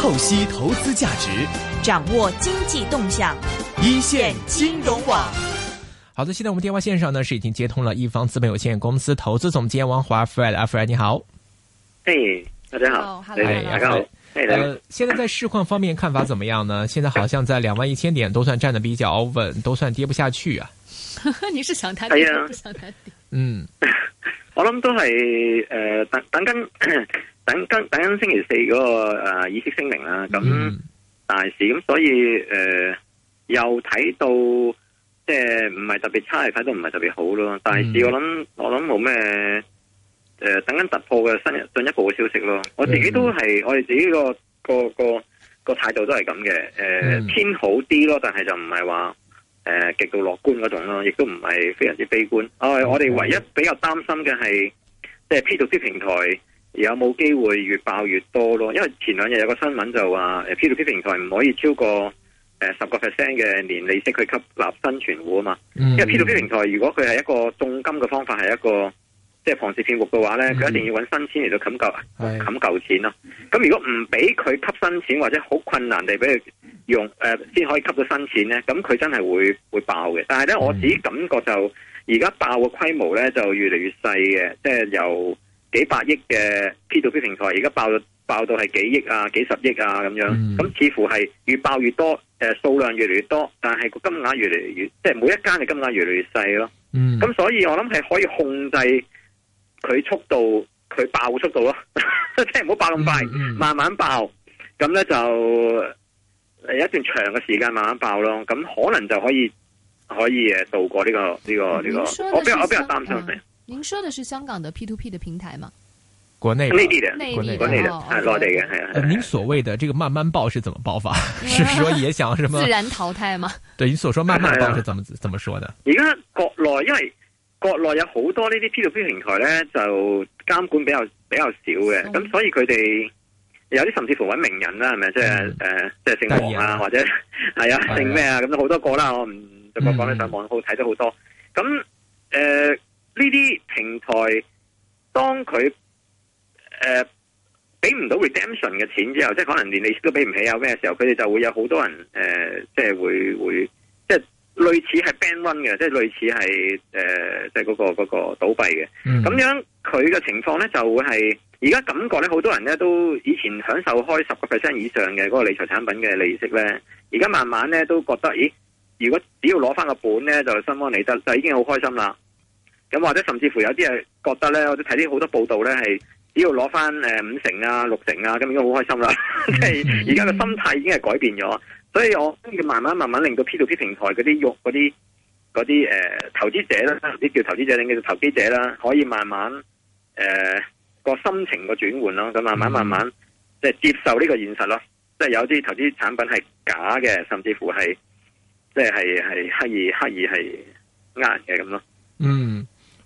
透析投資價值，掌握經濟動向，一線金融網。好的，現在我們電話線上呢是已經接通了一方資本有限公司投資總監王華 Fred、啊、Fred 你好。哎，大家好，Hello，大家好，呃，現在在市況方面看法怎麼樣呢？現在好像在兩萬一千點都算站得比較穩，都算跌不下去啊。 你是想談頂、啊、不想談底？嗯， 我諗都係，誒、呃，等等緊。 等跟等緊星期四嗰、那個誒、啊、議息聲明啦，咁、嗯、大市。咁所以誒、呃、又睇到即係唔係特別差，睇到唔係特別好咯。大市我諗、嗯、我諗冇咩誒等緊突破嘅新進一步嘅消息咯。我自己都係、嗯、我哋自己個個個個態度都係咁嘅，誒、呃、偏、嗯、好啲咯，但係就唔係話誒極度樂觀嗰種咯，亦都唔係非常之悲觀。呃、我我哋唯一比較擔心嘅係即係 P2P 平台。有冇機會越爆越多咯？因為前兩日有個新聞就話，P2P 平台唔可以超過誒十個 percent 嘅年利息去吸納新存戶啊嘛、嗯。因為 P2P 平台如果佢係一個重金嘅方法，係一個即係防止騙局嘅話咧，佢、嗯、一定要揾新錢嚟到冚舊啊，冚舊錢咯。咁如果唔俾佢吸新錢，或者好困難地俾佢用誒，先、呃、可以吸到新錢咧，咁佢真係會會爆嘅。但係咧，我自己感覺就而家爆嘅規模咧就越嚟越細嘅，即係由。幾百億嘅 P to P 平台，而家爆，爆到爆到係幾億啊、幾十億啊咁樣，咁、mm -hmm. 似乎係越爆越多，誒、呃、數量越嚟越多，但係個金額越嚟越，即係每一間嘅金額越嚟越細咯。咁、mm -hmm. 所以我諗係可以控制佢速度，佢爆速度咯， 即係唔好爆咁快，mm -hmm. 慢慢爆。咁咧就一段長嘅時間慢慢爆咯，咁可能就可以可以誒度過呢個呢個呢個。呢個呢個、我比較我比較擔心、啊您說的是香港的 P two P 的平台嗎？國內的內地嘅，國內國內嘅，內地嘅係啊。您所謂的這個慢慢爆是怎麼爆發？ 是說也想什麼 自然淘汰嗎？對你所說慢慢爆是怎麼 怎麼說的？而家國內因為國內有好多呢啲 P two P 平台咧，就監管比較比較少嘅，咁、嗯嗯、所以佢哋有啲甚至乎搵名人啦、啊，係、就、咪、是呃嗯？即係誒，即係姓王啊，啊或者係、 哎、啊，姓咩啊？咁都好多個啦。我唔就我講咧，上網好睇咗好多。咁、嗯、誒。呢啲平台，當佢誒俾唔到 redemption 嘅錢之後，即係可能連利息都俾唔起，有咩時候佢哋就會有好多人誒、呃，即係會會即係類似係 bank run 嘅，即係類似係誒，即係嗰個嗰、嗰個倒閉嘅。咁、嗯、樣佢嘅情況咧，就會係而家感覺咧，好多人咧都以前享受開十個 percent 以上嘅嗰、嗰個理財產品嘅利息咧，而家慢慢咧都覺得，咦，如果只要攞翻個本咧，就心安理得，就已經好開心啦。咁或者甚至乎有啲人覺得咧，我都睇啲好多報道咧，係只要攞返，誒五成啊六成啊，咁應該好開心啦。即係而家嘅心態已經係改變咗，所以我都要慢慢慢慢令到 P2P 平台嗰啲肉嗰啲嗰啲誒投資者咧，啲叫投資者定叫做投機者啦，可以慢慢誒、呃這個心情個轉換咯，咁慢慢慢慢即係接受呢個現實咯、嗯，即係有啲投資產品係假嘅，甚至乎係即係係刻意刻意係呃人嘅咁咯。嗯。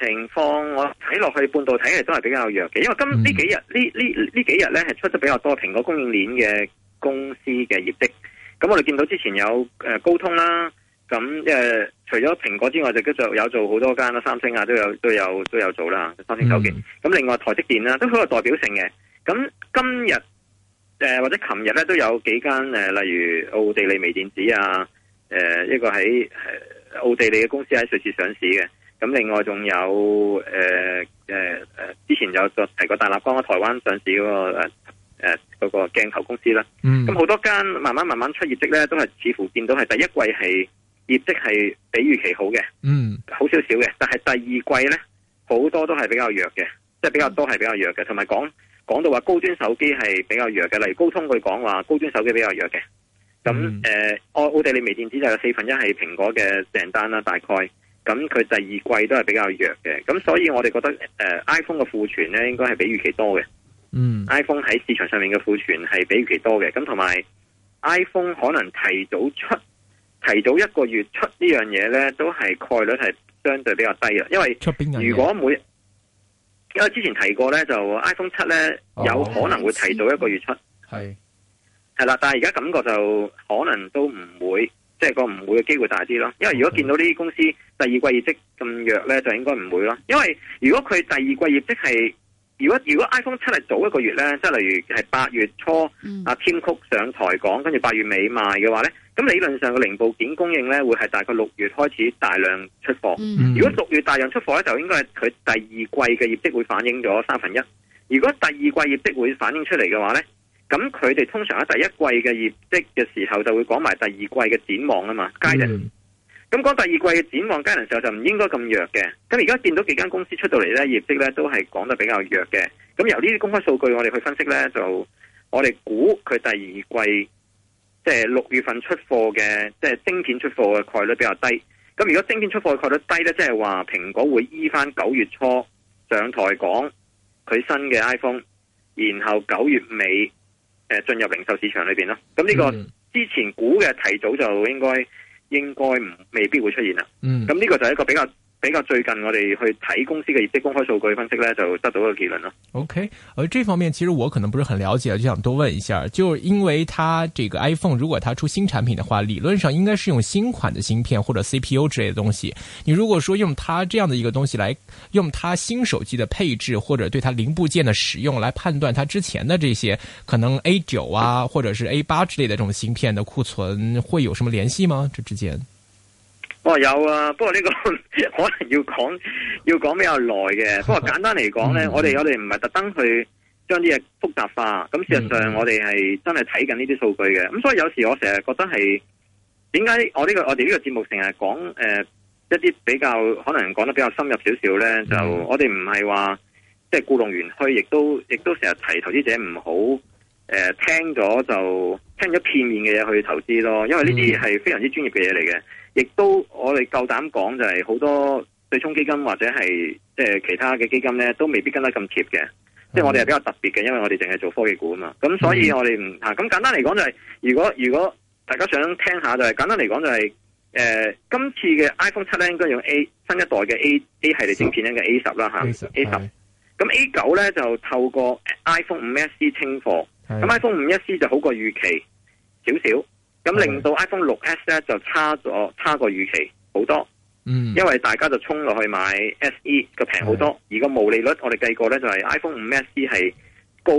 情況我睇落去，半導體係都係比較弱嘅，因為今呢幾、嗯、幾日呢呢呢幾日咧係出得比較多蘋果供應鏈嘅公司嘅業績。咁我哋見到之前有誒、呃、高通啦，咁誒、呃、除咗蘋果之外，就跟著有做好多間啦，三星啊都有都有都有做啦，三星手機。咁、嗯、另外台積電啦、啊、都好有代表性嘅。咁今日誒、呃、或者琴日呢，都有幾間誒、呃，例如奧地利微電子啊，誒、呃、一個喺、呃、奧地利嘅公司喺瑞士上市嘅。咁另外仲有，誒誒誒，之前有個提過大立光台灣上市嗰、嗰個誒誒、呃嗰個鏡頭公司啦。咁、嗯、好多間慢慢慢慢出業績咧，都係似乎見到係第一季係業績係比預期好嘅，嗯，好少少嘅。但係第二季咧，好多都係比較弱嘅，即係比較都係比較弱嘅。同埋講講到話高端手機係比較弱嘅，例如高通佢講話高端手機比較弱嘅。咁、嗯、誒，奧地利微電子就有四分一係蘋果嘅訂單啦，大概。咁佢第二季都係比較弱嘅，咁所以我哋覺得誒、呃、，iPhone 嘅庫存咧，應該係比預期多嘅。嗯，iPhone 喺市場上面嘅庫存係比預期多嘅，咁同埋 iPhone 可能提早出、提早一個月出呢樣嘢咧，都係概率係相對比較低啊。因為如果每出因為之前提過咧，就 iPhone 七咧、哦、有可能會提早一個月出。係係啦，但係而家感覺就可能都唔會。即係個唔會嘅機會大啲咯，因為如果見到呢啲公司第二季業績咁弱呢，就應該唔會咯。因為如果佢第二季業績係，如果如果 iPhone 七係早一個月呢，即係例如係八月初，阿 Tim Cook 上台講，跟住八月尾賣嘅話呢，咁理論上個零部件供應呢，會係大概六月開始大量出貨。嗯。如果六月大量出貨呢，就應該係佢第二季嘅業績會反映咗三分一。如果第二季業績會反映出嚟嘅話呢。咁佢哋通常喺第一季嘅業績嘅時候就會講埋第二季嘅展望啊嘛，guidance。咁、嗯、講第二季嘅展望，guidance 嘅時候就唔應該咁弱嘅。咁而家見到幾間公司出到嚟咧，業績咧都係講得比較弱嘅。咁由呢啲公開數據，我哋去分析咧，就我哋估佢第二季，即係六月份出貨嘅，即係晶片出貨嘅概率比較低。咁如果晶片出貨嘅概率低咧，即係話蘋果會依翻九月初上台講佢新嘅 iPhone，然後九月尾。誒，進入零售市場裏邊咯，咁呢個之前估嘅提早就應該應該唔未必會出現啦。嗯，咁呢個就係一個比較。比較最近我哋去睇公司嘅業績，公開數據分析呢，就得到個結論咯。OK，而、呃、這方面其實我可能不是很了解，就想多問一下，就因為它這個 iPhone，如果它出新產品的話，理論上應該是用新款的芯片或者 CPU 之類的東西。你如果說用它這樣的一個東西來用它新手機的配置或者對它零部件的使用來判斷它之前的這些可能 A 九啊，或者是 A 八之類的這種芯片的庫存，會有什麼聯繫嗎？這之間？我、哦、有啊，不過呢個可能要講要講比較耐嘅，不過簡單嚟講呢、嗯、我哋我哋唔係特登去將啲嘢複雜化，咁事實上我哋係真係睇緊呢啲數據嘅，咁、嗯、所以有時我成日覺得係點解我呢、個我哋呢個節目成日講誒一啲比較可能講得比較深入少少呢、嗯？就我哋唔係話即係故弄玄虛，亦都亦都成日提投資者唔好誒聽咗就跟咗片面嘅嘢去投資咯，因為呢啲係非常之專業嘅嘢嚟嘅，亦、嗯、都我哋夠膽講就係好多對沖基金或者係即係其他嘅基金咧，都未必跟得咁貼嘅、嗯。即係我哋係比較特別嘅，因為我哋淨係做科技股啊嘛。咁所以我哋唔行。咁、嗯啊、簡單嚟講就係、是，如果如果大家想聽下就係、是、簡單嚟講就係、是呃、今次嘅 iPhone 七咧應該用 A 新一代嘅 A A 系列晶片咧嘅 A 十啦 A 十咁 A 九咧就透過 iPhone 五 s C 清貨，咁 iPhone 五 s C 就好過預期。少少，咁令到 iPhone 六 S 咧就差咗，差過預期好多。嗯，因為大家就衝落去買 SE 個平好多，而個毛利率我哋計過咧就係 iPhone 五 SE 係高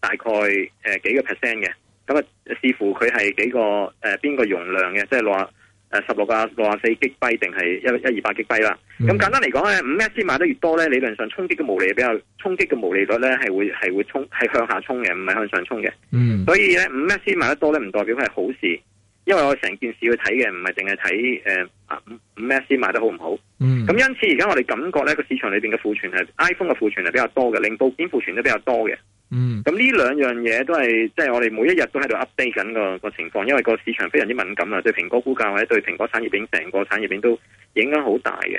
大概誒幾個 percent 嘅。咁啊視乎佢係幾個誒邊、呃、個容量嘅，即係話。誒，十六啊，六啊四 GB 定係一一二八 GB 啦。咁簡單嚟講咧，五 S C 買得越多咧，理論上衝擊嘅毛利比較衝擊嘅毛利率咧係會係會衝係向下衝嘅，唔係向上衝嘅。嗯、mm -hmm.，所以咧五 S C 買得多咧唔代表係好事，因為我成件事去睇嘅唔係淨係睇誒啊五五 S C 賣得好唔好。咁、mm -hmm. 因此而家我哋感覺咧個市場裏邊嘅庫存係 iPhone 嘅庫存係比較多嘅，零部件庫存都比較多嘅。嗯，咁呢兩樣嘢都係，即係我哋每一日都喺度 update 緊個個情況，因為個市場非常之敏感啊，對蘋果估價或者對蘋果產業鏈成個產業鏈都影響好大嘅。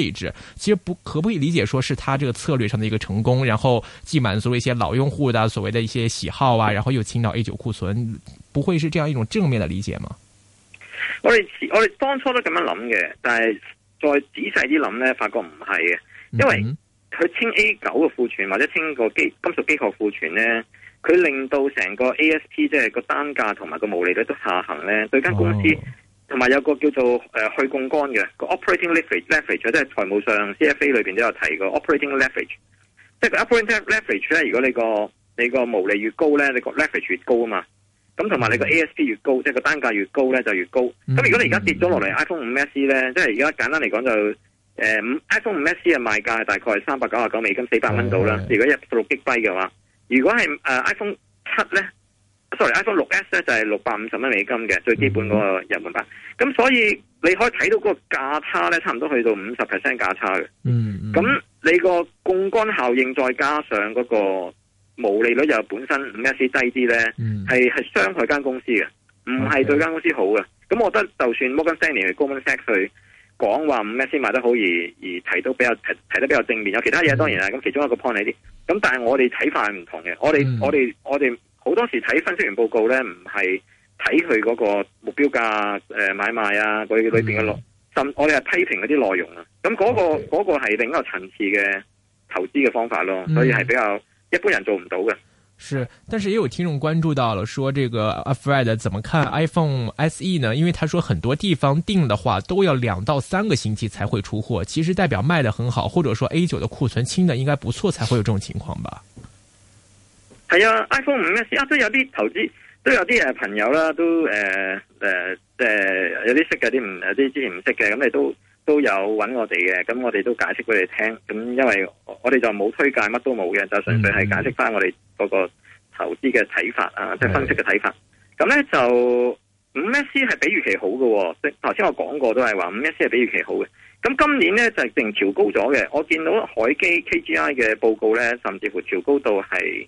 位置其實不可不可以理解，說是他這個策略上的一個成功，然後既滿足了一些老用戶的所謂的一些喜好啊，然後又清掉 A 九庫存，不會是這樣一種正面的理解嗎？我哋我哋當初都咁樣諗嘅，但係再仔細啲諗呢，發覺唔係嘅，因為佢清 A 九嘅庫存或者清個金金屬機構庫存呢，佢令到成個 ASP 即係個單價同埋個毛利率都下行呢。對間公司、哦。同埋有個叫做去杠杆嘅個 operating leverage leverage，即係財務上 CFA 裏面都有提過 operating leverage，即係個 operating leverage 咧。如果你個你個毛利越高咧，你個 leverage 越高啊嘛。咁同埋你個 ASP 越高，嗯、即係個單價越高咧，就越高。咁、嗯嗯、如果你而家跌咗落嚟 iPhone 五 SE 咧，即係而家簡單嚟講就、呃、iPhone 五 s 嘅賣價大概係三百九十九美金四百蚊到啦。如果一六 G 低嘅話，如果係、uh, iPhone 七咧。Sorry，iPhone 六 S 咧就係六百五十蚊美金嘅最基本嗰個入門版，咁、mm -hmm. 所以你可以睇到個價差咧，差唔多去到五十 percent 價差嘅。嗯，咁你個槓桿效應再加上嗰個毛利率又本身五 S 低啲咧，係係傷害間公司嘅，唔係對間公司好嘅。咁、okay. 我覺得就算 Morgan Stanley Goldman Sachs 去講話五 S 賣得好而而提到比較提提得比較正面，有其他嘢當然啦，咁、mm -hmm. 其中一個 point 喺啲，咁但係我哋睇法係唔同嘅，我哋、mm -hmm. 我哋我哋。我好多時睇分析員報告呢，唔係睇佢嗰個目標價，誒買賣啊，佢裏邊嘅內容甚至我哋係批評嗰啲內容啊。咁嗰、那個嗰、okay. 個係另一個層次嘅投資嘅方法咯，所以係比較一般人做唔到嘅。是，但是也有聽眾關注到了，說這個阿 Fred 怎麼看 iPhone SE 呢？因為他說很多地方訂的話都要兩到三個星期才會出貨，其實代表賣得很好，或者說 A9 的庫存清得應該不錯，才會有這種情況吧。係啊，iPhone 五 S 啊，都有啲投資，都有啲誒朋友啦，都誒誒誒，有啲識嘅，有啲唔誒有啲之前唔識嘅，咁你都都有揾我哋嘅，咁我哋都解釋俾你聽。咁因為我哋就冇推介，乜都冇嘅，就純粹係解釋翻我哋嗰個投資嘅睇法、嗯、啊，即係分析嘅睇法。咁咧就五 S 係比預期好嘅，頭先我講過都係話五 S 係比預期好嘅。咁今年咧就定調高咗嘅，我見到海基 KGI 嘅報告咧，甚至乎調高到係。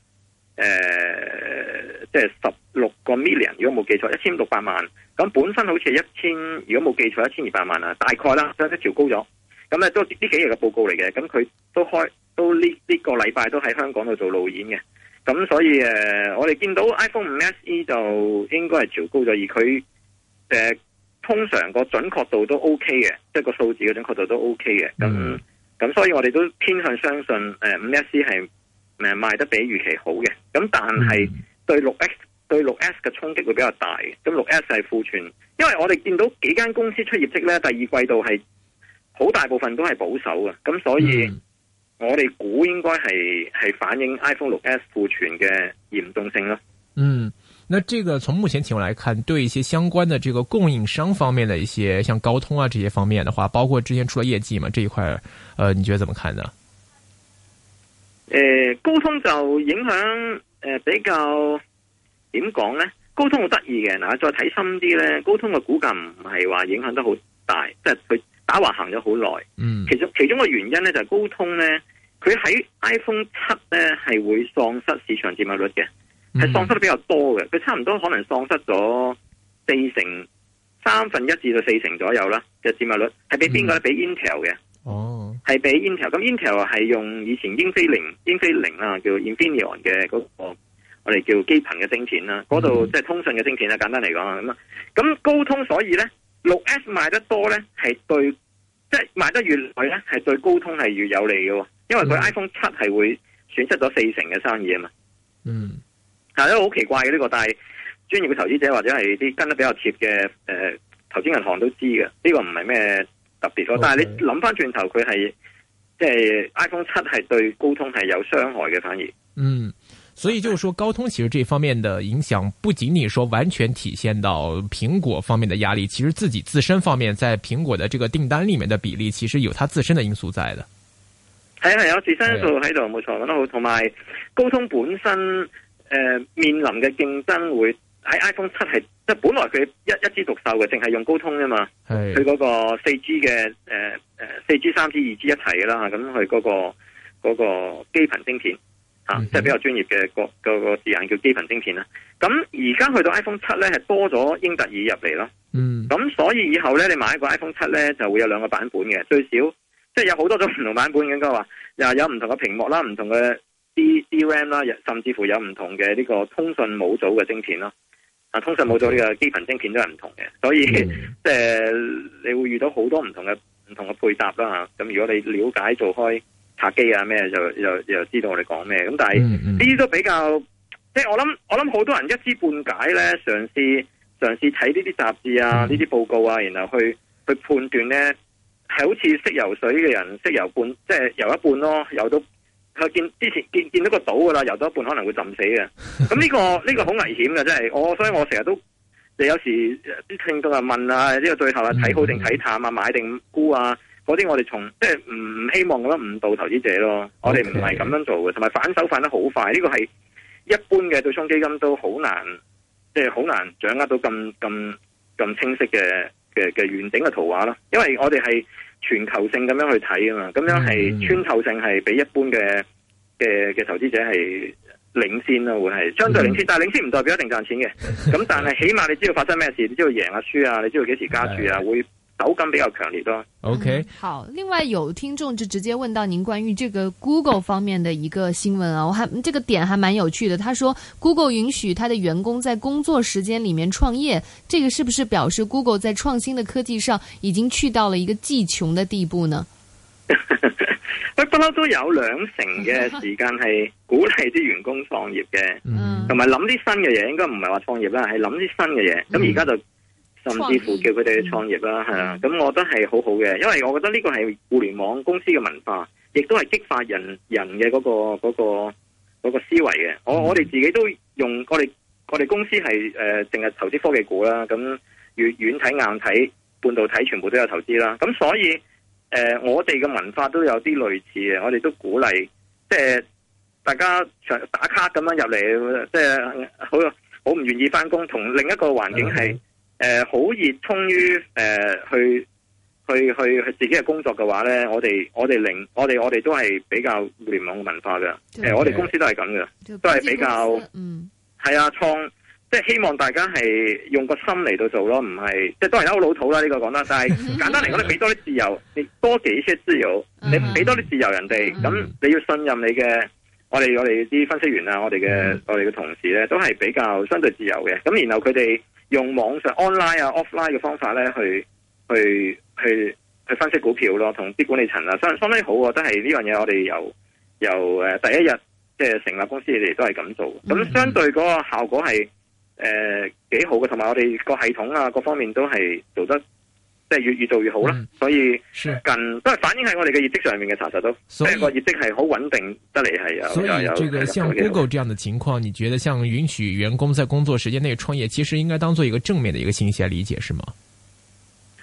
誒、呃，即係十六個 million，如果冇記錯，一千六百萬。咁本身好似係一千，如果冇記錯，一千二百萬啦，大概啦，即係調高咗。咁咧都呢幾日嘅報告嚟嘅，咁佢都開，都呢呢、呢個禮拜都喺香港度做路演嘅。咁所以誒、呃，我哋見到 iPhone 五 SE 就應該係調高咗，而佢誒、呃、通常個準確度都 OK 嘅，即係個數字嘅準確度都 OK 嘅。咁咁、嗯、所以我哋都偏向相信誒五、呃、SE 係誒，賣得比預期好嘅，咁但係對六 S 對六 S 嘅衝擊會比較大，咁六 S 係庫存，因為我哋見到幾間公司出業績咧，第二季度係好大部分都係保守嘅，咁所以我哋估應該係係反映 iPhone 六 S 庫存嘅嚴重性咯。嗯，那這個從目前情況來看，對一些相關的這個供應商方面的一些，像高通啊這些方面的話，包括之前出咗業績嘛，這一塊，呃，你覺得怎麼看呢？誒、呃，高通就影響誒、呃、比較點講咧？高通好得意嘅，嗱，再睇深啲咧，高通嘅股價唔係話影響得好大，即係佢打橫行咗好耐。嗯，其中其中個原因咧就係高通咧，佢喺 iPhone 七咧係會喪失市場佔有率嘅，係、嗯、喪失得比較多嘅。佢差唔多可能喪失咗四成三分一至到四成左右啦，嘅佔有率，係俾邊個咧？俾、嗯、Intel 嘅。哦，係俾 Intel，咁 Intel 係用以前英飛凌，英飛凌啊，叫 Infineon 嘅嗰個我哋叫基頻嘅芯片啦，嗰度即係通訊嘅芯片啦。簡單嚟講啊，咁啊，咁高通所以咧六 S 賣得多咧，係對即係、就是、賣得越耐咧，係對高通係越有利嘅。因為佢 iPhone 七係會損失咗四成嘅生意啊嘛。嗯，但係都好奇怪嘅呢、這個，但係專業嘅投資者或者係啲跟得比較貼嘅誒，投資銀行都知嘅呢、這個唔係咩？特別，但係你諗翻轉頭，佢係即係 iPhone 七係對高通係有傷害嘅，反而嗯，所以就是說，高通其實這方面的影響，不僅僅說完全體現到蘋果方面的壓力，其實自己自身方面在蘋果的這個訂單裏面的比例，其實有它自身的因素在的。係啊係啊，自身因素喺度冇錯，咁好。同埋高通本身誒、呃、面臨嘅競爭會。喺 iPhone 七係即係本來佢一一枝獨秀嘅，淨係用高通啫嘛。佢嗰個四 G 嘅誒誒四 G、三 G、二 G 一齊啦嚇，咁佢嗰個嗰、嗰個基頻晶片嚇、啊，即係比較專業嘅個、嗰個字眼叫基頻晶片啦。咁而家去到 iPhone 七咧，係多咗英特爾入嚟咯。嗯，咁所以以後咧，你買一個 iPhone 七咧就會有兩個版本嘅，最少即係有好多種唔同版本應該話，又有唔同嘅屏幕啦、唔同嘅 D D R A M 啦，甚至乎有唔同嘅呢個通訊模組嘅晶片咯。啊，通常冇咗呢個基頻晶片都係唔同嘅，所以即係、嗯呃、你會遇到好多唔同嘅唔同嘅配搭啦嚇。咁、啊啊、如果你了解做開拆機啊咩，就就又知道我哋講咩。咁、啊、但係呢啲都比較，即、就、係、是、我諗我諗好多人一知半解咧，嘗試嘗試睇呢啲雜誌啊，呢、嗯、啲報告啊，然後去去判斷咧，係好似識游水嘅人識游半，即、就、係、是、游一半咯，游到。佢見之前見見，見，見到個島噶啦，游到一半可能會浸死嘅。咁 呢、這個呢、這個好危險噶，真係我所以我成日都，你有時啲聽眾啊問啊，呢、這個最後啊睇好定睇淡啊，買定沽啊，嗰啲我哋從即係唔希望咁樣誤導投資者咯。Okay. 我哋唔係咁樣做嘅，同埋反手反得好快，呢、這個係一般嘅對沖基金都好難，即係好難掌握到咁咁咁清晰嘅嘅嘅完整嘅圖畫咯。因為我哋係。全球性咁樣去睇啊嘛，咁樣係穿透性係比一般嘅嘅嘅投資者係領先囉，會係相對領先，但係領先唔代表一定賺錢嘅。咁 但係起碼你知道發生咩事，你知道贏啊輸啊，你知道幾時加注啊，會。手感比較強烈多 OK。嗯，好。另外有聽眾就直接問到您關於這個 Google 方面的一個新聞啊，我還這個點還蠻有趣的。他說 Google 允許他的員工在工作時間裏面創業，這個是不是表示 Google 在創新的科技上已經去到了一個技窮的地步呢？不不嬲都有兩成嘅時間係鼓勵啲員工創業嘅，同埋諗啲新嘅嘢，應該唔係話創業啦，係諗啲新嘅嘢。咁而家就。嗯甚至乎叫佢哋去創業啦，係、嗯、啊，咁我覺得係好好嘅，因為我覺得呢個係互聯網公司嘅文化，亦都係激發人人嘅嗰、個嗰、個嗰、個思維嘅、嗯。我我哋自己都用，我哋我哋公司係淨係投資科技股啦，咁、嗯、軟體、硬體、半導體全部都有投資啦。咁、嗯、所以、呃、我哋嘅文化都有啲類似嘅，我哋都鼓勵即係、就是、大家打卡咁樣入嚟，即係好好唔願意翻工，同另一個環境係。Okay. 誒、呃，好熱衷於誒、呃、去去去去自己嘅工作嘅話咧，我哋我哋令我哋我哋都係比較互聯網文化嘅，誒、呃，我哋公司都係咁嘅，都係比較，嗯，係啊，創，即係希望大家係用個心嚟到做咯，唔係，即係都係咧好老土啦呢、這個講得晒，但係簡單嚟講 你俾多啲自由，你多幾些自由，uh -huh. 你俾多啲自由人哋，咁、uh -huh. 你要信任你嘅我哋我哋啲分析員啊，我哋嘅、uh -huh. 我哋嘅同事咧，都係比較相對自由嘅，咁然後佢哋。用網上 online 啊 offline 嘅方法咧，去去去去分析股票咯，同啲管理層啊，相相對好啊，都係呢樣嘢我哋由由誒第一日即係成立公司，你哋都係咁做，咁相對嗰個效果係誒、呃、幾好嘅，同埋我哋個系統啊各方面都係做得。即係越越做越好啦，所以近都係反映喺我哋嘅業績上面嘅查實都所係個業績係好穩定得嚟，係啊。所以呢個像 Google 這樣嘅情況，你覺得像允許員工在工作時間內創業，其實應該當做一個正面嘅一個信息嚟理解，是嗎？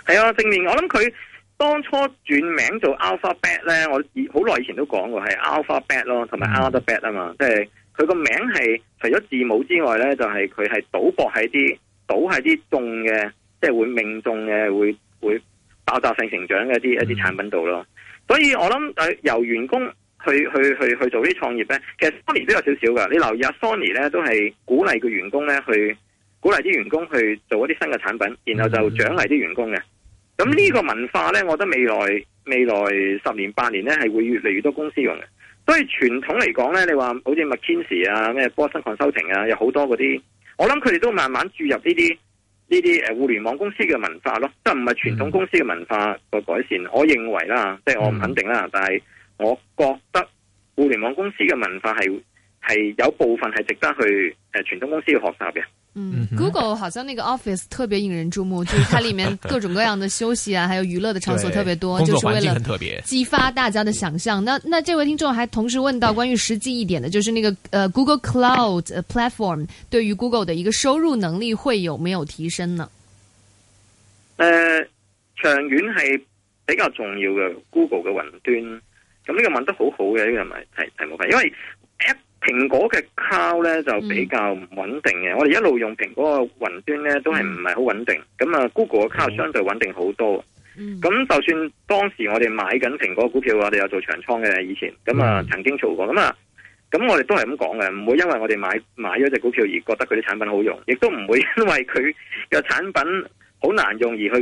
係啊，正面。我諗佢當初轉名做 Alphabet 咧，我好耐以前都講過係 Alphabet 咯，同埋 Alphabet 啊嘛，即係佢個名係除咗字母之外咧，就係佢係賭博喺啲賭喺啲中嘅，即係會命中嘅會。會爆炸性成，成長嘅一啲一啲產品度咯、嗯，所以我諗由員工去、嗯、去去去，去做啲創業咧，其實 Sony 都有少少噶。你留意下 Sony 咧，都係鼓勵個員工咧去鼓勵啲員工去做一啲新嘅產品，然後就獎勵啲員工嘅。咁、嗯、呢個文化咧，我覺得未來未來十年八年咧係會越嚟越多公司用嘅。所以傳統嚟講咧，你話好似 McKinsey 啊、咩波森 Consulting 啊，有好多嗰啲，我諗佢哋都慢慢注入呢啲。呢啲誒互聯網公司嘅文化咯，即係唔係傳統公司嘅文化個改善，嗯、我認為啦，即係我唔肯定啦，但係我覺得互聯網公司嘅文化係係有部分係值得去誒傳統公司學習嘅。嗯，Google 好像那個 Office 特別引人注目，就是它裏面各種各樣的休息啊，還有娛樂的場所特別多，就是為了激發大家的想象。那那這位聽眾還同時問到關於實際一點的，就是那個呃 Google Cloud Platform 對於 Google 的一個收入能力會有沒有提升呢？呃，長遠係比較重要嘅，Google 嘅雲端，咁、嗯、呢個問得好好嘅，呢個係題題目，因為。因為蘋果嘅 cloud 咧就比較唔穩定嘅、嗯，我哋一路用蘋果嘅雲端咧都係唔係好穩定，咁、嗯、啊 Google 嘅 cloud、嗯、相對穩定好多。咁、嗯、就算當時我哋買緊蘋果股票，我哋有做長倉嘅以前，咁啊、嗯、曾經做過，咁啊咁我哋都係咁講嘅，唔會因為我哋買買咗隻股票而覺得佢啲產品好用，亦都唔會因為佢嘅產品好難用而去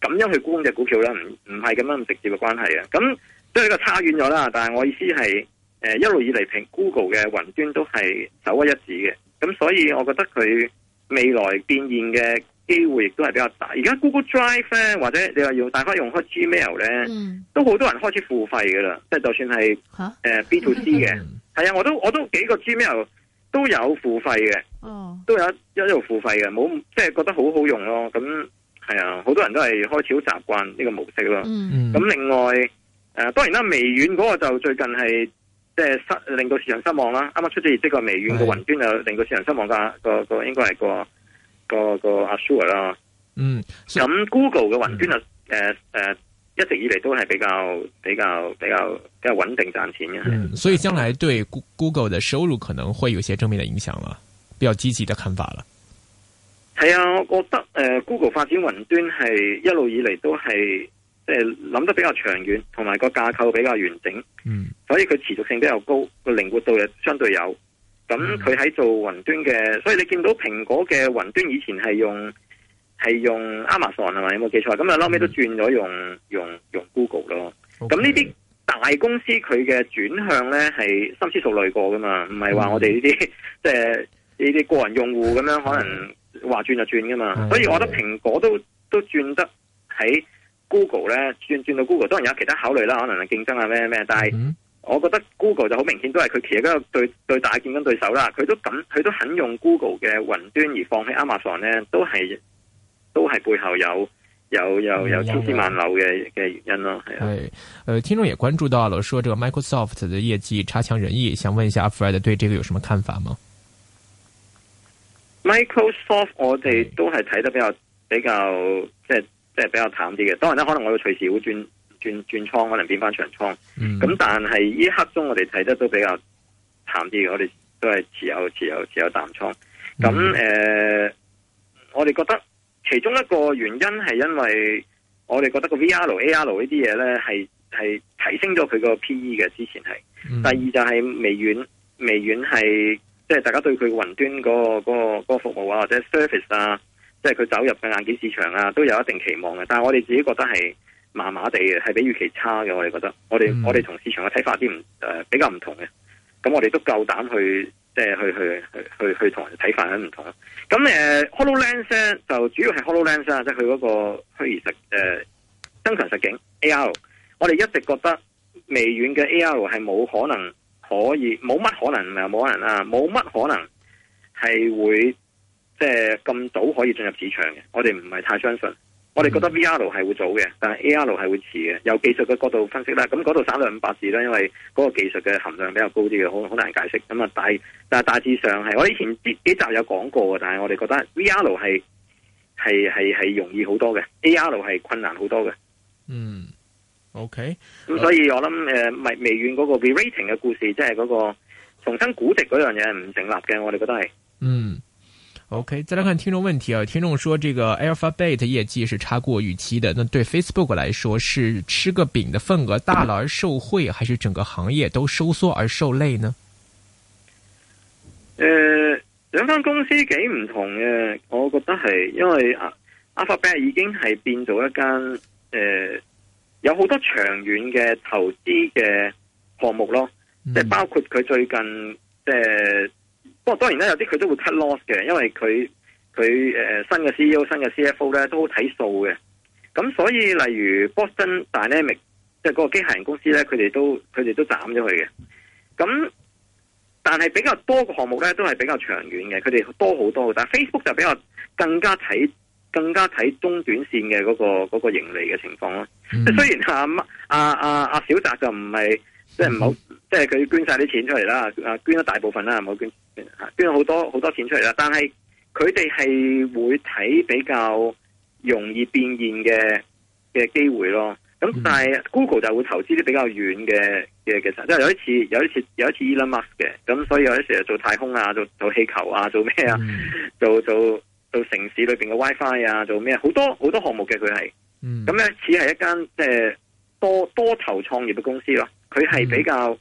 咁樣去沽呢隻股票啦，唔唔係咁樣直接嘅關係啊。咁即係個差遠咗啦，但係我意思係。誒、呃，一路以嚟平 Google 嘅雲端都係首屈一指嘅，咁所以我覺得佢未來變現嘅機會亦都係比較大。而家 Google Drive 咧，或者你話用大家用開 Gmail 咧、嗯，都好多人開始付費㗎喇，即係就算係誒 B to C 嘅，係啊、呃嗯，我都我都幾個 Gmail 都有付費嘅，哦，都有一路付費嘅，冇即係覺得好好用咯。咁係啊，好多人都係開始好習慣呢個模式咯。咁、嗯、另外誒、呃，當然啦，微軟嗰個就最近係。即係失令到市場失望啦，啱啱出咗業績個微軟個雲端啊，令到市場失望噶個個應該係個個個 Azure 啦。嗯，咁 Google 嘅雲端啊，誒、嗯、誒、呃，一直以嚟都係比較比較比較比較穩定賺錢嘅、嗯。所以將來對 Google 嘅收入可能會有些正面嘅影響啦，比較積極嘅看法啦。係啊，我覺得誒，Google 發展雲端係一路以嚟都係。即係諗得比較長遠，同埋個架構比較完整，嗯，所以佢持續性比較高，個靈活度又相對有。咁佢喺做雲端嘅，所以你見到蘋果嘅雲端以前係用係用 Amazon 係嘛，你有冇記錯？咁啊，後尾都轉咗用用用 Google 咯。咁呢啲大公司佢嘅轉向咧係深思熟慮過噶嘛，唔係話我哋呢啲即係呢啲個人用戶咁樣可能話轉就轉噶嘛。所以我覺得蘋果都都轉得喺。Google 咧，轉轉到 Google，當然有其他考慮啦，可能競爭啊咩咩，但係我覺得 Google 就好明顯都係佢其實對最大競爭對手啦，佢都咁佢都肯用 Google 嘅雲端而放棄 Amazon 咧，都係都係背後有有有有千絲萬縷嘅嘅原因咯。對、嗯，誒、嗯呃，聽眾也關注到了，說這個 Microsoft 嘅業績差強人意，想問一下阿 Fred 對這個有什麼看法嗎？Microsoft 我哋都係睇得比較、嗯、比較即係。即係比較淡啲嘅，當然啦，可能我要隨時會轉轉轉倉，可能變翻長倉。咁、嗯、但係呢一刻鐘，我哋睇得都比較淡啲嘅，我哋都係持有持有持有淡倉。咁、嗯、誒、呃，我哋覺得其中一個原因係因為我哋覺得個 V R A R 呢啲嘢呢，係係提升咗佢個 P E 嘅。之前係，嗯、第二就係微軟，微軟係即係大家對佢雲端嗰個、嗰個、嗰個服務啊或者 service 啊。即係佢走入嘅硬件市場啊，都有一定期望嘅。但係我哋自己覺得係麻麻地嘅，係比預期差嘅。我哋覺得，我哋、嗯、我哋同市場嘅睇法啲唔誒比較唔同嘅。咁我哋都夠膽去即係、呃、去去去去，去，去人看不同人睇法喺唔同。咁誒、呃、，Hololens 呢就主要係 Hololens 啊，即係佢嗰個虛擬實誒增強實境 AR。我哋一直覺得微軟嘅 AR 係冇可能可以冇乜可能啊冇可能啊冇乜可能係會。即係咁早可以進入市場嘅，我哋唔係太相信。我哋覺得 V R 係會早嘅，但係 A R 係會遲嘅。由技術嘅角度分析啦，咁嗰度省略五百字啦，因為嗰個技術嘅含量比較高啲嘅，好好難解釋。咁啊，大但係大致上係，我以前幾幾集有講過嘅。但係我哋覺得 V R 係係係係容易好多嘅，A R 係困難好多嘅。嗯，OK。咁所以我諗誒，微軟嗰個 re-rating 嘅故事，即係嗰個重新估值嗰樣嘢唔成立嘅。我哋覺得係，嗯。OK，再來看聽眾問題啊！聽眾說：這個 Alphabet 業績是差過預期的，那對 Facebook 來說是吃個餅的份額大了而受惠，還是整個行業都收縮而受累呢？誒、呃，兩間公司幾唔同嘅，我覺得係因為 Alphabet 已經係變做一間誒、呃、有好多長遠嘅投資嘅項目咯，即、嗯、包括佢最近即、呃不過當然咧，有啲佢都會 cut loss 嘅，因為佢佢誒新嘅 CEO、新嘅 CFO 咧都好睇數嘅。咁所以例如 Boston Dynamic 即係嗰個機械人公司咧，佢哋都佢哋都斬咗佢嘅。咁但係比較多嘅項目咧，都係比較長遠嘅。佢哋多好多嘅，但係 Facebook 就比較更加睇更加睇中短線嘅嗰、嗰個、嗰個盈利嘅情況咯。即、嗯、雖然阿、啊、阿、啊啊、小澤就唔係即係唔好。就是即係佢捐晒啲錢出嚟啦，啊捐咗大部分啦，唔好捐捐咗好多好多錢出嚟啦。但係佢哋係會睇比較容易變現嘅嘅機會咯。咁但係 Google 就會投資啲比較遠嘅嘅嘢其實，即係有一次有一次有一次 Elon Musk 嘅。咁所以有一時又做太空啊，做做氣球啊，做咩啊、嗯、啊，做做做城市裏面嘅 WiFi 啊，做咩好多好多項目嘅佢係。咁咧似係一間即係多多頭創業嘅公司咯。佢係比較。嗯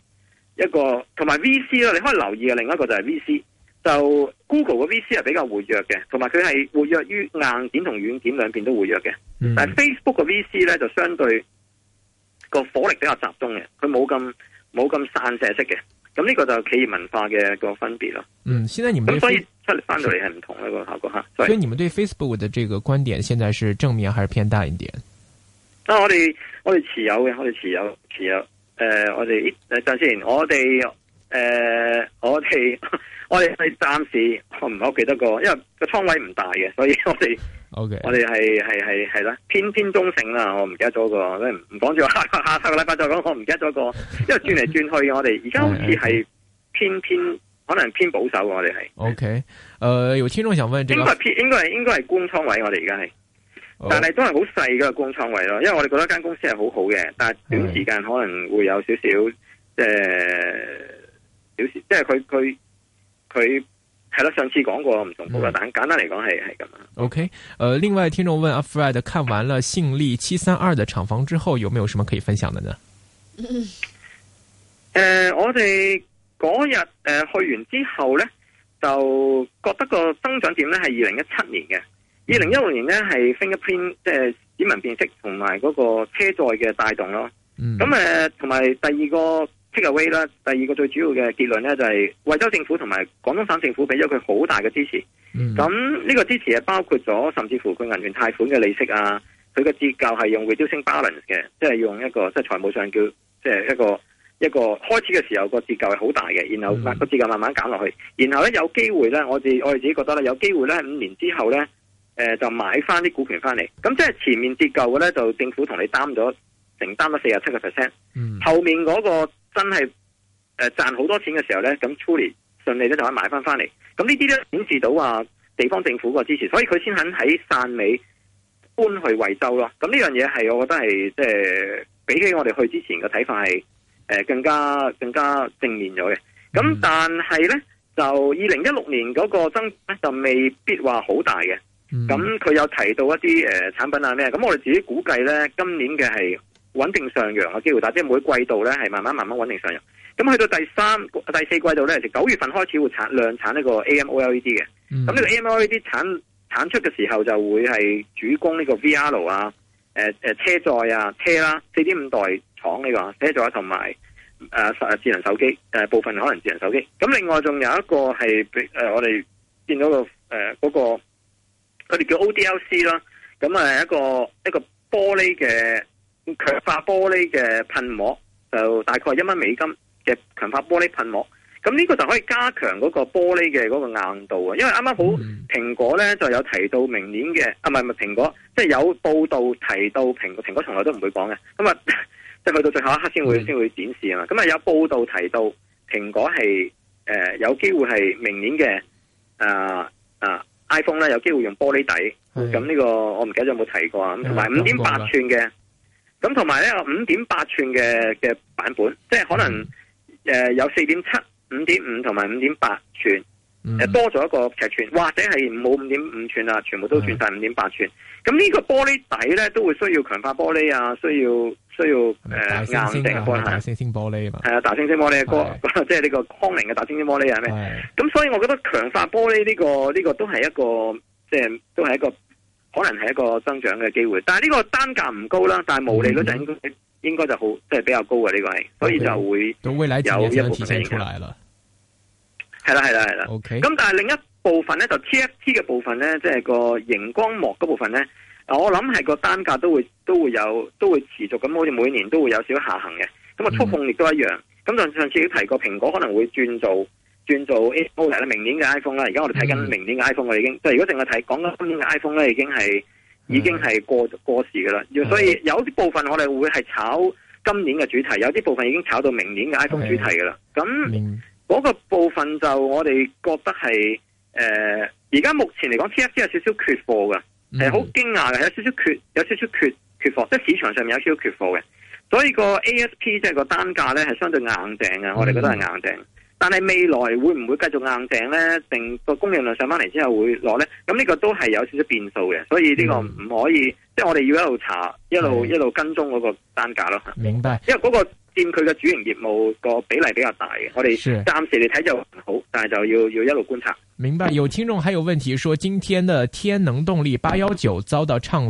一個同埋 VC 咯，你可以留意嘅另一個就係 VC，就 Google 嘅 VC 係比較活躍嘅，同埋佢係活躍於硬件同軟件兩邊都活躍嘅、嗯。但係 Facebook 嘅 VC 咧就相對個火力比較集中嘅，佢冇咁冇咁散射式嘅。咁呢個就係企業文化嘅個分別咯。嗯，現在你們所以出翻到嚟係唔同一個效果吓。所以你們對 Facebook 嘅這個觀點，現在是正面還是偏大一點？啊，我哋我哋持有嘅，我哋持有持有。持有誒、呃，我哋誒，我呃、我我暫時我哋誒，我哋我哋係暫時我唔係好記得個，因為個倉位唔大嘅，所以我哋，okay. 我哋係係係係啦，偏偏中性啦，我唔記得咗個，即唔講住下下下個禮拜再講，我唔記得咗個，因為轉嚟轉去嘅， 我哋而家好似係偏偏可能偏保守嘅，我哋係。OK，誒、呃，有聽眾想問，這個、應該偏應該係應該係官倉位，我哋而家係。但係都係好細嘅公倉位咯，因為我哋覺得間公司係好好嘅，但係短時間可能會有少少即係少，即係佢佢佢係咯，上次講過唔重複啦，但係簡單嚟講係係咁啦。OK，誒、呃，另外聽眾問阿、啊、Fred，看完了信利七三二嘅廠房之後，有冇有什麼可以分享嘅呢？誒、嗯呃，我哋嗰日誒去完之後呢，就覺得個增長點呢係二零一七年嘅。二零一六年咧，係 fingerprint，即係指紋辨識同埋嗰個車載嘅帶動咯。咁、嗯、誒，同埋第二個 takeaway 啦，第二個最主要嘅結論呢，就係惠州政府同埋廣東省政府俾咗佢好大嘅支持。咁、嗯、呢個支持係包括咗，甚至乎佢銀行貸款嘅利息啊，佢個折舊係用 reducing balance 嘅，即係用一個即係財務上叫即係一個一個開始嘅時候個折舊係好大嘅，然後個折舊慢慢減落去，然後呢，有機會呢，我哋我哋自己覺得咧，有機會呢，五年之後呢。誒、呃，就買翻啲股權翻嚟，咁即係前面折舊嘅咧，就政府同你擔咗，承擔咗四十七個 percent。後面嗰個真係誒賺好多錢嘅時候咧，咁初年順利咧就可以買翻翻嚟。咁呢啲咧顯示到話地方政府個支持，所以佢先肯喺汕尾搬去惠州咯。咁呢樣嘢係我覺得係即係比起我哋去之前嘅睇法係誒、呃、更加更加正面咗嘅。咁但係咧就二零一六年嗰個增咧就未必話好大嘅。咁、嗯、佢有提到一啲誒、呃、產品啊咩？咁我哋自己估計呢，今年嘅係穩定上揚嘅機會大，即係每季度呢，係慢慢慢慢穩定上揚。咁去到第三、第四季度呢，就九、是、月份開始會產量產呢個 AMOLED 嘅。咁、嗯、呢個 AMOLED 產產出嘅時候就會係主攻呢個 VR 啊，誒、呃、車載啊車啦，四點五代廠呢、這個車載同埋誒智能手機誒、呃、部分可能智能手機。咁另外仲有一個係誒、呃、我哋見到個誒嗰個。呃那個佢哋叫 ODLC 啦，咁啊，一個一個玻璃嘅，強化玻璃嘅噴膜，就大概一蚊美金嘅強化玻璃噴膜。咁、這、呢個就可以加強嗰個玻璃嘅嗰個硬度啊。因為啱啱好、嗯，蘋果咧就有提到明年嘅，唔係唔係蘋果，即係有報道提到蘋果蘋果從來都唔會講嘅，咁啊，即係去到最後一刻先會先會展示啊嘛。咁啊有報道提到蘋果係誒、嗯有，呃、有機會係明年嘅、呃、啊 iPhone 咧有機會用玻璃底，咁呢個我唔記得有冇提過啊。同埋五點八寸嘅，咁同埋咧五點八寸嘅嘅版本，嗯、即係可能誒、呃、有四點七、五點五同埋五點八寸。誒、嗯，多咗一個尺寸，或者係冇五點五寸啊，全部都轉晒五點八寸。咁呢個玻璃底咧，都會需要強化玻璃啊，需要需要誒硬定玻璃大猩猩、啊、玻璃啊，係啊，大猩猩玻璃個即係呢個康寧嘅大猩猩玻璃係咩？咁 所以我覺得強化玻璃呢、這個呢、這個都係一個即係都係一個，是一個可能係一個增長嘅機會。但係呢個單價唔高啦，但係毛利嗰陣應該、嗯、應該就好即係、就是、比較高嘅呢、這個係、嗯，所以就會有未來幾年可以體現出來了。係啦係啦係啦，咁、okay. 但係另一部分咧就是、TFT 嘅部分咧，即、就、係、是、個熒光幕嗰部分咧，我諗係個單價都會都會有都會持續咁，好似每年都會有少少下行嘅。咁啊，觸控亦都一樣。咁、mm. 上上次都提過，蘋果可能會轉做轉做 A O。睇明年嘅 iPhone 啦，而家我哋睇緊明年嘅 iPhone，我哋已經即係如果淨係睇講緊今年嘅 iPhone 咧，已經係已經係過、mm. 過時噶啦。所以有啲部分我哋會係炒今年嘅主題，有啲部分已經炒到明年嘅 iPhone 主題噶啦。咁、okay.。Mm. 嗰、那個部分就我哋覺得係誒，而、呃、家目前嚟講，T F C 有少少缺貨嘅，係好驚訝嘅，有少少缺，有少少缺缺貨，即係市場上面有少少缺貨嘅。所以個 A S P 即係個單價咧係相對硬淨嘅、嗯，我哋覺得係硬淨。但係未來會唔會繼續硬淨咧？定個供應量上翻嚟之後會落咧？咁呢個都係有少少變數嘅，所以呢個唔可以，嗯、即係我哋要一路查，一路一路跟蹤嗰個單價咯。明白。因為嗰、那個。見佢嘅主營業務個比例比較大嘅，我哋暫時嚟睇就唔好，但係就要要一路觀察。明白。有聽眾還有問題，說今天的天能動力八幺九遭到唱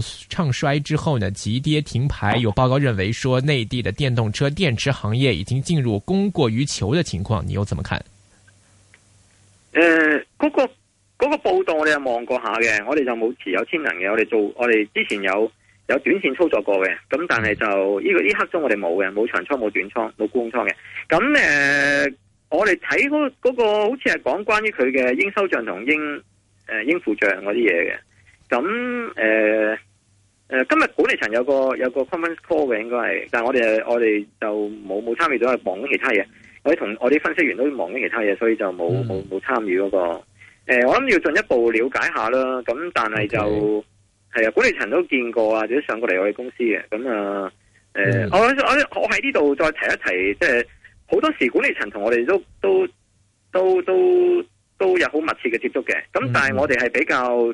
衰之後呢，急跌停牌。有報告認為說，內地的電動車電池行業已經進入供過於求的情況，你又怎麼看？誒、呃，嗰、那個嗰、那個報道我哋有望過下嘅，我哋就冇持有天能嘅，我哋做我哋之前有。有短線操作過嘅，咁但係就呢個呢刻中我哋冇嘅，冇長倉冇短倉冇沽空倉嘅。咁誒、呃，我哋睇嗰嗰個好似係講關於佢嘅應收賬同應誒應付賬嗰啲嘢嘅。咁誒誒，今日管理層有個有個 conference call 嘅應該係，但係我哋我哋就冇冇參與到，係忙緊其他嘢。我哋同我哋分析員都忙緊其他嘢，所以就冇冇冇參與嗰個。誒、呃，我諗要進一步了解一下啦。咁但係就。Okay. 係啊，管理層都見過啊，或者上過嚟我哋公司嘅。咁啊，誒、呃 mm.，我我我喺呢度再提一提，即係好多時管理層同我哋都都都都都有好密切嘅接觸嘅，咁、mm. 但係我哋係比較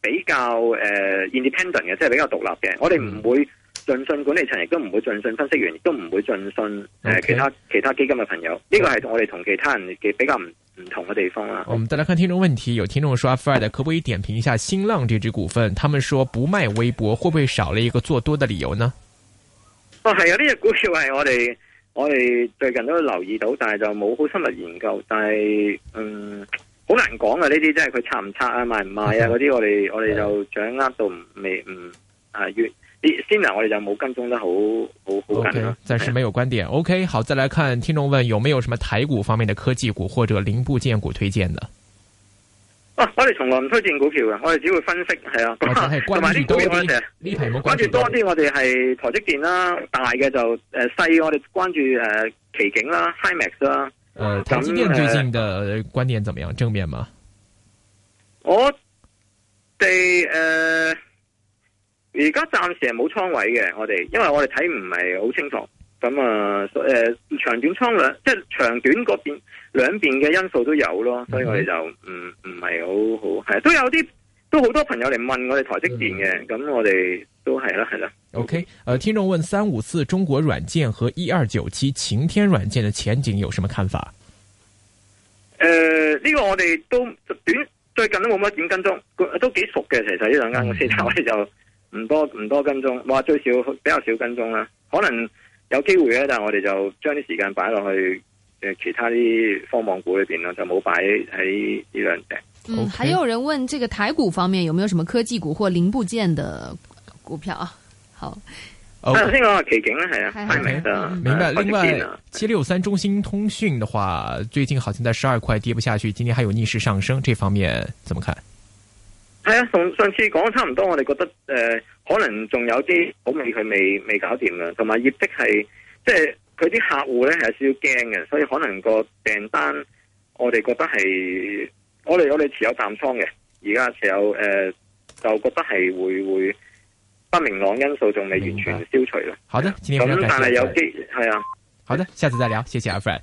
比較誒、呃、independent 嘅，即係比較獨立嘅，mm. 我哋唔會盡信管理層，亦都唔會盡信分析員，亦都唔會盡信誒、okay. 呃、其他其他基金嘅朋友，呢個係我哋同其他人嘅比較唔唔同嘅地方啊！我們再來看聽眾問題，有聽眾說 Fred，可不可以點評一下新浪這支股份？他們說不賣微博，會不會少了一個做多的理由呢？哦，係有呢隻股票係我哋我哋最近都留意到，但係就冇好深入研究，但係嗯，好難講啊！呢啲即係佢拆唔拆啊，賣唔賣啊？嗰、嗯、啲我哋、嗯、我哋就掌握到未？嗯，係、啊、越。先嗱，我哋就冇跟蹤得好，好好緊，暫時沒有觀點。OK，好，再來看聽眾問，有沒有什麼台股方面嘅科技股或者零部件股推薦的？哦、啊，我哋從來唔推薦股票嘅，我哋只會分析，係啊。同埋呢，關注多啲、啊，呢題冇關注多啲。我哋係台積電啦，大嘅就誒細，我哋關注誒奇景啦、啊、HiMax 啦。誒、呃，台積電最近嘅觀點怎麼樣？正面嗎？嗯呃、我哋誒。而家暫時係冇倉位嘅，我哋，因為我哋睇唔係好清楚，咁啊，誒、呃，長短倉兩，即係長短嗰邊兩邊嘅因素都有咯，所以我哋就唔唔係好好，係都有啲，都好多朋友嚟問我哋台積電嘅，咁、嗯、我哋都係啦，係啦。OK，誒、呃，聽眾問三五四中國軟件和一二九七晴天軟件嘅前景有什麼看法？誒、呃，呢、這個我哋都短最近都冇乜點跟蹤，都幾熟嘅，其實呢兩間公司，但係就。嗯唔多唔多跟蹤，哇最少比較少跟蹤啦，可能有機會嘅，但係我哋就將啲時間擺落去誒其他啲科網股裏邊咯，就冇擺喺呢兩隻。Okay? 嗯，還有人問，這個台股方面有沒有什麼科技股或零部件的股票啊？好，頭先講奇景啦，係啊，係明的，明白。另外，七六三中興通訊的話，最近好像在十二塊跌不下去，今天還有逆勢上升，這方面怎麼看？係啊，同上次講差唔多，我哋覺得誒、呃、可能仲有啲好未，佢未未搞掂啊。同埋業績係即係佢啲客戶咧係有少少驚嘅，所以可能個訂單我哋覺得係我哋我哋持有淡倉嘅，而家持有誒、呃、就覺得係會會不明朗因素仲未完全消除啦。好的，今天非常感謝。咁但係有機係啊。好的，下次再聊，謝謝阿 Fred。